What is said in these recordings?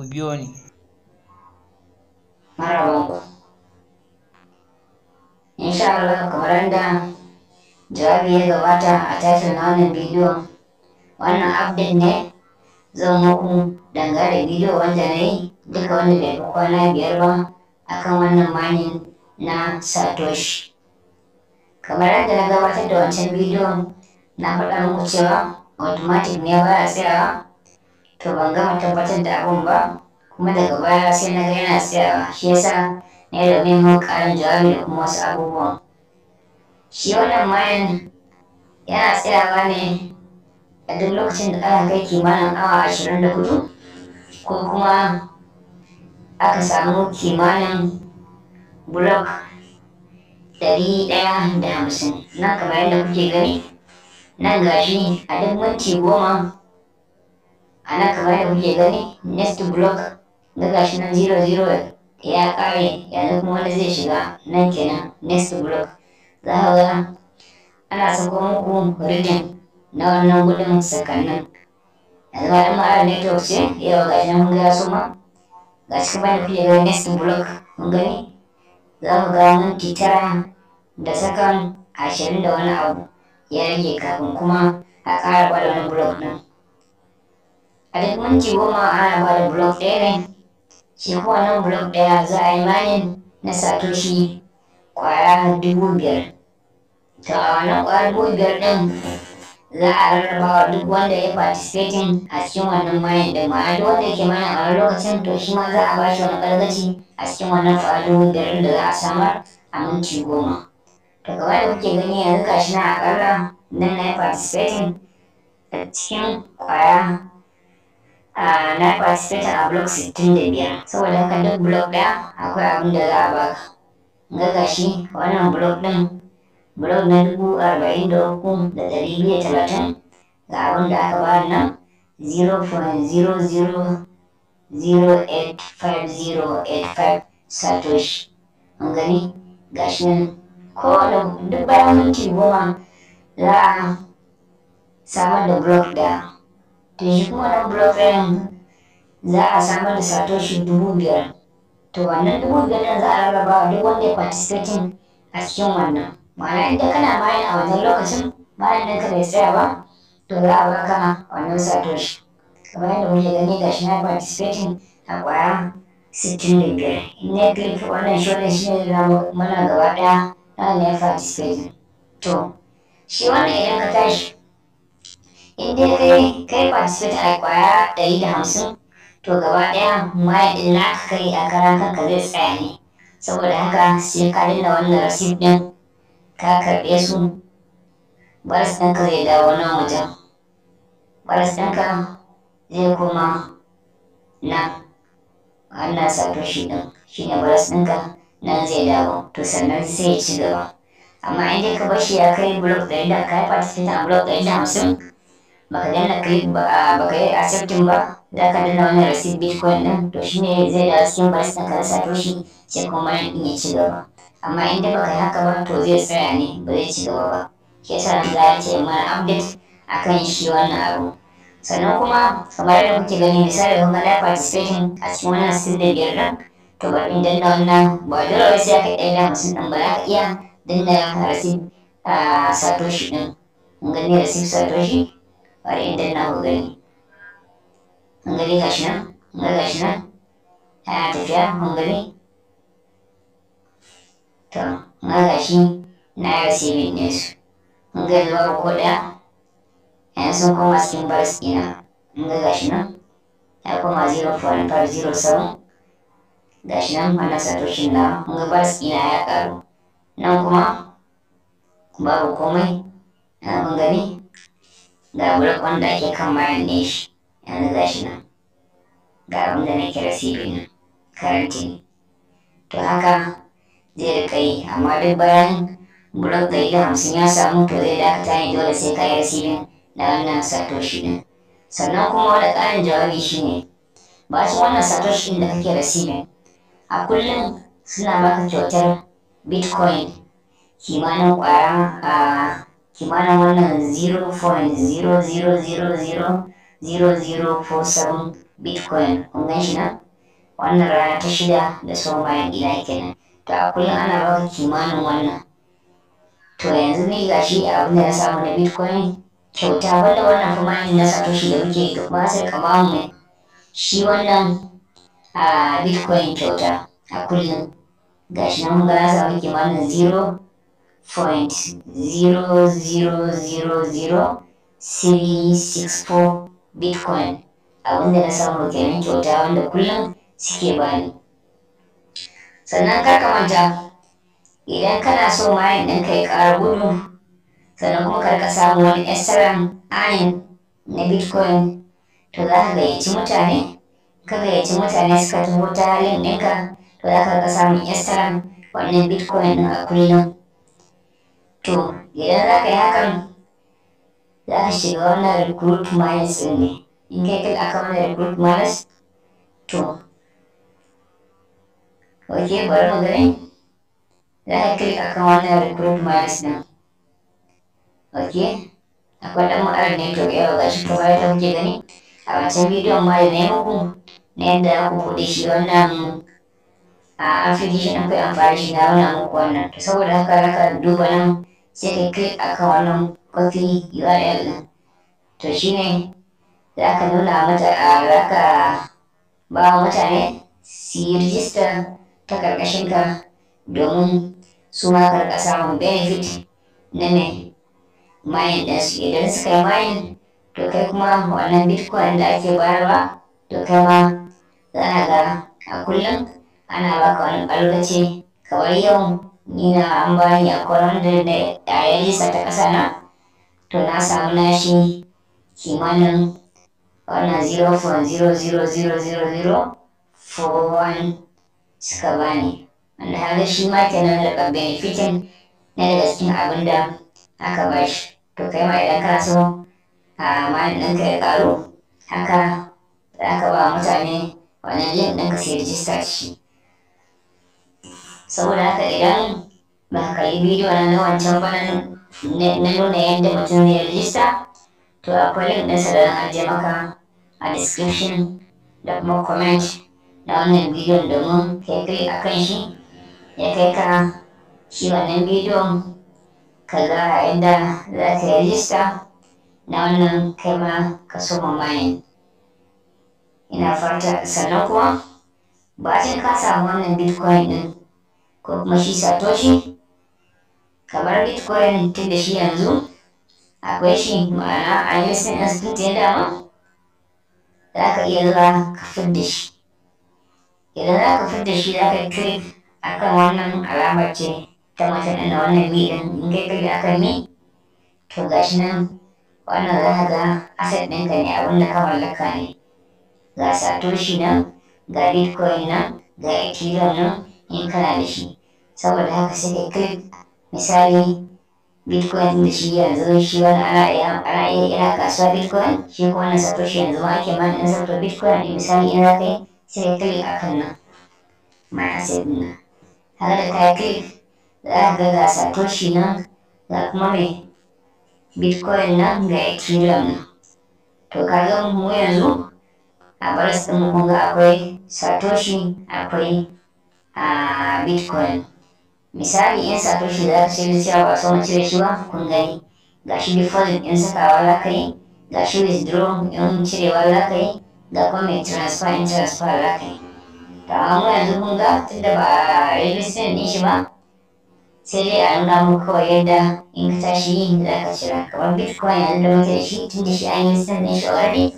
ku biyo ni insha kamar da jawabi ya gabata a tashin na wannan bidiyo wannan update ne zan muku dangare bidiyo wanda na yi duka wanda bai fi kwana biyar ba akan wannan mani na satoshi kamar da na gabatar da wancan bidiyo na faɗa muku cewa automatic ne ba a tsayawa to ban gama tabbatar da abin ba kuma daga baya sai na ga yana tsayawa shi yasa na yi domin mun karin jawabi da kuma wasu abubuwan shi wannan mayan yana tsayawa ne a duk lokacin da aka kai kimanin awa ashirin da hudu ko kuma aka samu kimanin blok ɗari ɗaya da hamsin nan kamar yadda kuke gani nan gashi a duk minti goma ana kamar da muke gani next block ga gashi nan 00 ya kare yanzu kuma wani zai shiga nan kenan next block za ka ga ana sako muku reading na wannan gudun sakannin yanzu bayan ma'ayar network ce yau ga shi mun ga su ma ga cikin bayan kuke ga next block mun gani za ku ga minti tara da sakan ashirin da wani abu ya rage kafin kuma a ƙara kwallon block nan Kalikunci goma ana ba da block ɗaya Shi kowane block ɗaya za a yi mining na satoshi kwaya har dubu biyar. To a wannan kwaya dubu biyar ɗin za a rarraba wa duk wanda ya participating a cikin wannan mayan ɗin ma'ana duk wanda yake mana a wani lokacin to shi ma za a ba shi wani ƙarfashi a cikin wannan kwaya dubu biyar da za a samar a minti goma. To kamar da kuke gani yanzu gashi na a ƙarra nan na yi a cikin kwaya na participate a blog biyar saboda haka duk blog da akwai abin da za a ba ga gashi wannan blog din blog na dubu arba'in da uku da ɗari biyu talatin ga abin da aka ba nan 0.00085085 satoshi an gani gashi nan kowane duk bayan minti goma za a samar da blog da da Shikumaru Brookhaven za a samar da satoshi dubu biyar. To wannan dubu biyar ɗin za a rarraba wa duk wanda ya participate a cikin wannan. Ma'ana inda kana bayan a wannan lokacin bayan nan ka bai tsaya ba to za a baka wannan satoshi. Kamar yadda muke gani ga shi na participate a ƙwaya sittin da biyar. In na click wannan shonin shi ne da mana gaba ɗaya na ne ya To shi wannan idan ka tashi in dai kai kai participate a ɗari da hamsin to gaba ɗaya mile ɗin na kai a karan kanka zai tsaya ne saboda haka sai ka dinga wannan rasit ɗin ka karɓe su baras ɗinka zai dawo nan wajen baras ɗinka zai koma nan wannan sato shi ɗin shine baras ɗinka nan zai dawo to sannan sai ya ci gaba amma in dai ka bar shi ya kai blok ɗari da ka yi participate a blok ɗari da hamsin ba ka daina kai ba ka yi ba za ka daina wani receipt bitcoin din to shine zai da cikin barista ka rasa shi sai kuma in ya ci gaba amma inda ba baka yi haka ba to zai tsaya ne ba zai ci gaba ba ke sa za a ce mana update kan shi wannan abu sannan kuma kamar yadda kuke gani misali kuma ga live participation a cikin wannan asibitin da biyar din to ba in danna wannan ba dole wai sai ka ɗaya da hamsin ɗin ba za ka iya danna receipt satoshi ɗin kun gani receipt satoshi bari in danna ku gani kun gani gashi nan kun ga shi nan yana tafiya kun gani to kun ga gashi na receiving ne su kun ga zuwa ko da yanzu sun koma cikin bars ina kun ga shi nan ya koma Ga shi nan wannan satoshin na kun ga bars ina ya ƙaru. nan kuma babu komai kun gani da group da yake kan bayan ne shi yanzu ga shi nan ga abin da na kira cv karanti ne. to haka zai da kai amma duk bayan blog ɗari da hamsin ya samu to zai dakata ne dole sai ka yi rasibin da wannan satoshi ne? sannan kuma wani ƙarin jawabi shine su wannan satoshi da kake rasibin a kullum suna maka kyautar bitcoin kimanin ƙwara a uh, kimanin wannan 0.0000047 bitcoin kun gan shi nan wannan rana ta shida da son bayan gida kenan to a kullum ana baka kimanin wannan to yanzu ne ga shi abin da na samu na bitcoin kyauta wanda wannan kuma yin na shi da muke duk ba sai ka ba mu shi wannan a ah, bitcoin kyauta a kullum ga shi nan ga samu kimanin 0 point zero zero zero zero three six four bitcoin abinda na samu kenan kyauta wanda kullum suke bani sannan kar ka manta idan kana so mayan ka yi ƙara gudu sannan kuma karka samu wani SRM ayin na bitcoin to za ka gayyaci mutane ka gayyaci mutane suka taho ta halin ɗinka to za ka samun SRM wannan bitcoin ɗin a kullum to idan za ka yi hakan za ka shiga wannan group minus ɗin ne in kai kai akan wannan group minus to ok bari mu gani za ka kai akan wannan group minus ɗin ok akwai ɗan ma'ar ne to yau ga shi kamar yadda kuke gani a wancan bidiyon ma da na yi muku na yadda ku buɗe shi wannan a application ɗin kai amfani shi na nuna muku wannan saboda haka za ka duba nan sai ka a akan wannan kwafi url din to shine za ka nuna mata a za ka ba mutane su yi rijista ta ka domin su ma karka samun benefit na ne mayan da su idan suka yi mayan to kai kuma wannan bitcoin da ake bayarwa to kai ma za ga a kullum ana baka wani ɓalgace kawai yau ni na an bani akwai wanda da a rajista ta ƙasa na to na samu na shi kimanin wannan 0.0000041 suka bani wanda haka shi ma kenan daga benefitin na daga cikin abin da aka ba shi to kai ma idan ka so a mani ɗinka ya ƙaru haka za ka ba mutane wannan link ɗinka ka yi rajista shi saboda haka idan ba ka yi bidiyo na wancan ba na nuna yadda mutum ya rijista to akwai link ɗinsa sa zan ajiye maka a description da kuma comment da wannan bidiyon domin kai kai a kan shi ya kai ka shi wannan bidiyon ka ga inda za ka yi rijista na wannan kai ma ka so mamayin ina fata sannan kuma bacin ka samu wannan bitcoin din. ko kuma shi satoshi kamar bitcoin tun da shi yanzu akwai shi ma'ana a yasin ɗin ta dama za ka iya zuwa ka fidda shi idan za ka fidda shi za ka yi akan wannan alamar ce ta mutum da wannan miɗin ɗin in kai click akan mi to gashi nan wannan za ka ga asset ɗinka ne abin da ka mallaka ne ga satoshi nan ga bitcoin nan ga ethereum nan in kana da shi saboda haka sai kai click misali bitcoin da shi yanzu shi wani ana iya ana iya ira kasuwa bitcoin shi kuma na shi yanzu ma ake mana in sato bitcoin din misali in za ka yi sai ka click a kan nan ma'ana sai din nan haka da ka click za ka ga ga satoshi nan ga kuma mai bitcoin nan ga ethereum nan to kaga mu yanzu a baras ɗin mu kun ga akwai satoshi akwai a bitcoin misali yan satoshi shi za ka cire cewa ba sauran cire shi ba kun gani ga shi default yan sakawa za ka yi ga shi withdraw yan cirewa za ka yi ga kuma transfer ‘yan transfer za ka yi to amma yanzu kun ga tunda ba a ne shi ba sai dai a nuna mu kawai yadda in ka tashi yi za ka cira kamar bitcoin yanzu da muke da shi tunda shi an yi registration ne shi already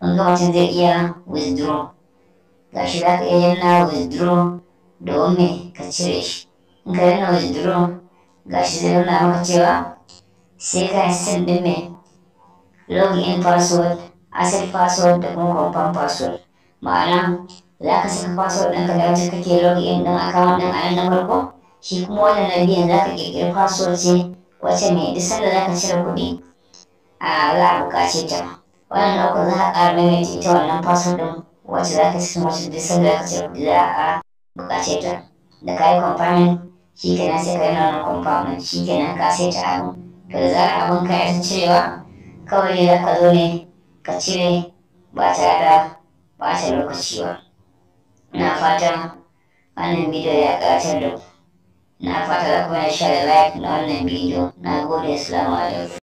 kun ga mutum zai iya withdraw ga shi za ka iya yana withdraw domin ka cire shi in ka rena withdrawal ga shi zai nuna maka cewa sai ka yi sin ɗin mai login fasuwar asset fasuwar da kuma compound fasuwar ma'ana za ka saka password ɗinka da wacce kake login ɗin account ɗin a nan na farko shi kuma wannan na biyan za ka ƙirƙiri fasuwar ce wacce mai duk sanda za ka cire kuɗi a za a buƙace ta wannan na uku za ka ƙara maimaita ita wannan fasuwar ɗin wacce za ka cire wacce duk sanda za ka cire kuɗi za a bukace ta da kayi kwamfanin shi nan sai ka yi wannan kwamfanin shi ke nan ka sai ta abin to da zarar abin ka yi cirewa kawai ne ka zo ne ka cire ba tare da ɓata lokaci ba na fata wannan bidiyo ya karatar da ku na fata za ku mana da like na wannan bidiyo na gode assalamu alaikum